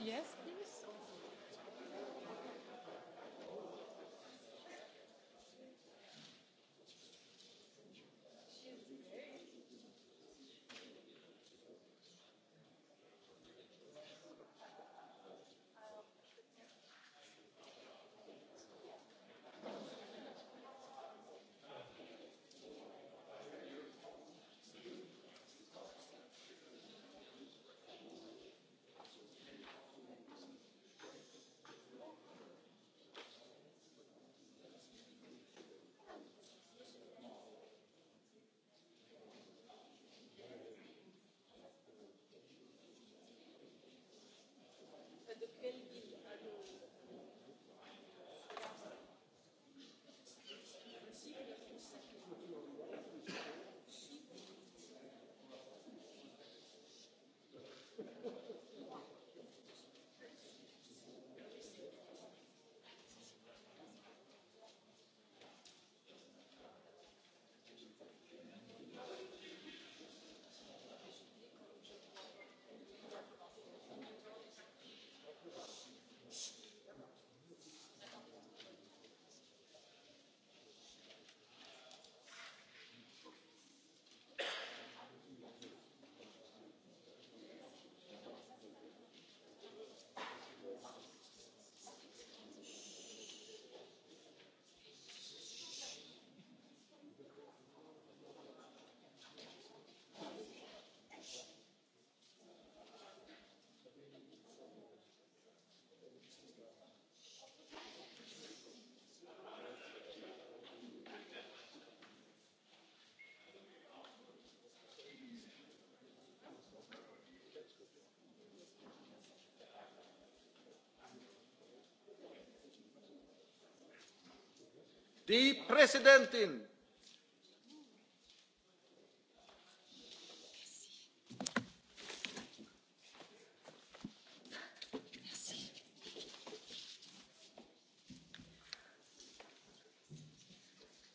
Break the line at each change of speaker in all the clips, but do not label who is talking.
Yes
die präsidentin!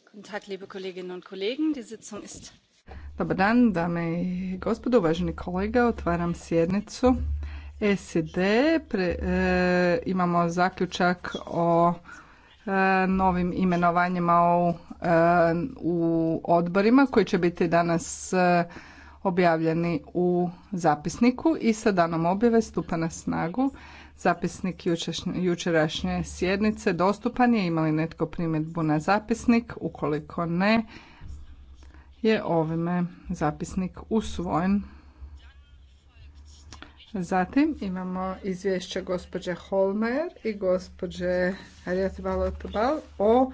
guten tag liebe kolleginnen und kollegen! die sitzung ist. dobar dan dame i gospodo uvaženi kolege otvaram sjednicu sed. E, imamo zaključak o E, novim imenovanjima e, u, odborima koji će biti danas e, objavljeni u zapisniku i sa danom objave stupa na snagu. Zapisnik jučerašnje sjednice dostupan je. imali netko primjedbu na zapisnik? Ukoliko ne, je ovime zapisnik usvojen. Zatim imamo izvješće gospođe Holmer i gospođe Harriet Valotobal o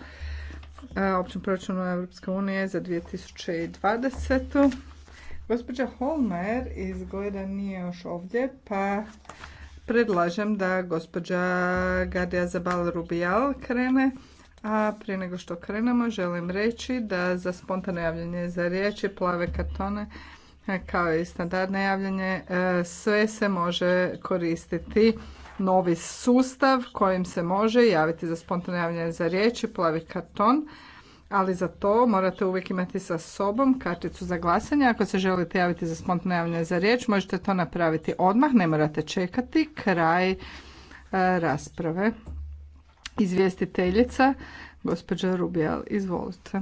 općem proračunu Europske unije za 2020. Gospođa Holmer izgleda nije još ovdje, pa predlažem da gospođa Gadija Zabal Rubijal krene. A prije nego što krenemo, želim reći da za spontano javljanje za riječi, plave kartone, kao i standardno javljanje, e, sve se može koristiti novi sustav kojim se može javiti za spontano javljanje za riječi, plavi karton, ali za to morate uvijek imati sa sobom karticu za glasanje. Ako se želite javiti za spontano javljanje za riječ, možete to napraviti odmah, ne morate čekati kraj e, rasprave. Izvjestiteljica, gospođa Rubijal, izvolite.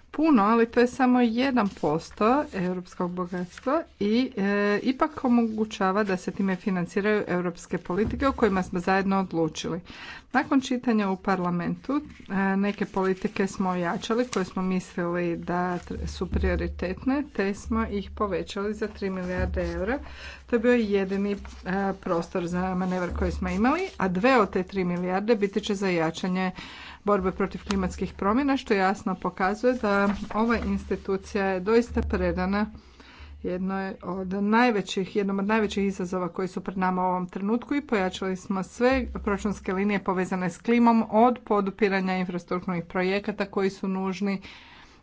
puno, ali to je samo 1% europskog bogatstva i e, ipak omogućava da se time financiraju europske politike o kojima smo zajedno odlučili. Nakon čitanja u parlamentu e, neke politike smo ojačali koje smo mislili da su prioritetne te smo ih povećali za 3 milijarde eura. To je bio jedini e, prostor za manevar koji smo imali, a dve od te 3 milijarde biti će za jačanje borbe protiv klimatskih promjena, što jasno pokazuje da ova institucija je doista predana jednoj od najvećih, jednom od najvećih izazova koji su pred nama u ovom trenutku i pojačali smo sve proračunske linije povezane s klimom od podupiranja infrastrukturnih projekata koji su nužni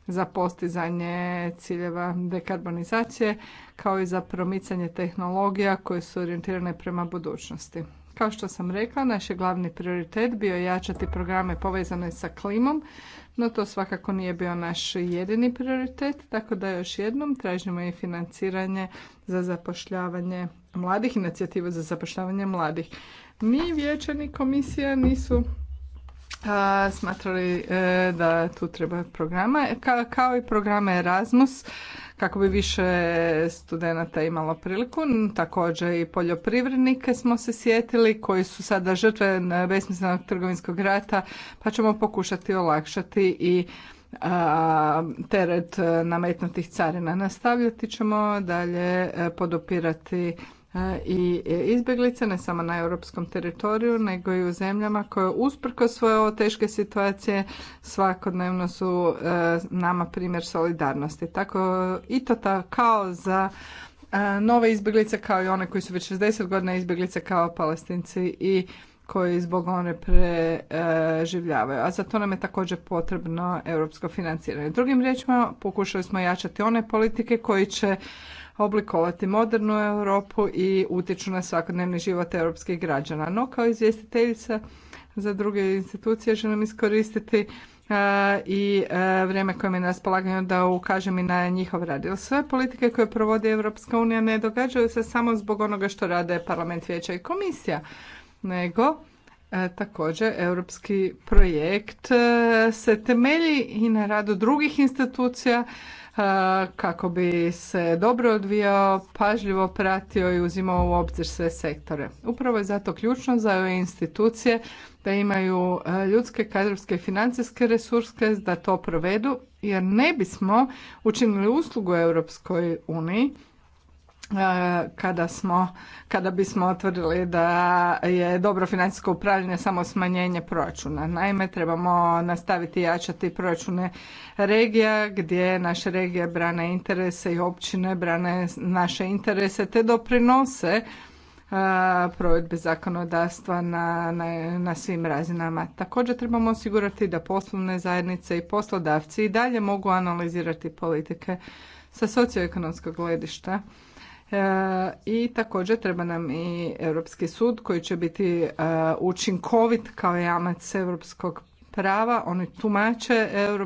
za postizanje ciljeva dekarbonizacije kao i za promicanje tehnologija koje su orijentirane prema budućnosti. Kao što sam rekla, naš je glavni prioritet bio jačati programe povezane sa klimom, no to svakako nije bio naš jedini prioritet, tako da još jednom tražimo i financiranje za zapošljavanje mladih, inicijativu za zapošljavanje mladih. Mi vijeće komisija nisu a, smatrali e, da tu treba programa, kao i programa Erasmus, kako bi više studenata imalo priliku. Također i poljoprivrednike smo se sjetili koji su sada žrtve besmislenog trgovinskog rata, pa ćemo pokušati olakšati i teret nametnutih carina. Nastavljati ćemo dalje e, podopirati E, i izbjeglice ne samo na europskom teritoriju nego i u zemljama koje usprko svoje ovo teške situacije svakodnevno su e, nama primjer solidarnosti. Tako i to ta, kao za e, nove izbjeglice kao i one koji su već 60 godina izbjeglice kao palestinci i koji zbog one preživljavaju. A za to nam je također potrebno europsko financiranje. Drugim riječima pokušali smo jačati one politike koji će oblikovati modernu Europu i utječu na svakodnevni život europskih građana. No kao izvjestiteljica za druge institucije želim iskoristiti e, i e, vrijeme koje mi je na raspolaganju da ukažem i na njihov rad. sve politike koje provodi Europska unija ne događaju se samo zbog onoga što rade parlament, vijeća i komisija, nego e, također europski projekt se temelji i na radu drugih institucija kako bi se dobro odvijao, pažljivo pratio i uzimao u obzir sve sektore. Upravo je zato ključno za ove institucije da imaju ljudske, kadrovske i financijske resurske da to provedu jer ne bismo učinili uslugu Europskoj uniji E, kada smo, kada bismo otvorili da je dobro financijsko upravljanje samo smanjenje proračuna. Naime, trebamo nastaviti jačati proračune regija gdje naše regije brane interese i općine brane naše interese te doprinose e, provedbe zakonodavstva na, na, na svim razinama. Također trebamo osigurati da poslovne zajednice i poslodavci i dalje mogu analizirati politike sa socioekonomskog gledišta E, I također treba nam i Europski sud koji će biti e, učinkovit kao jamac europskog prava. Oni tumače EU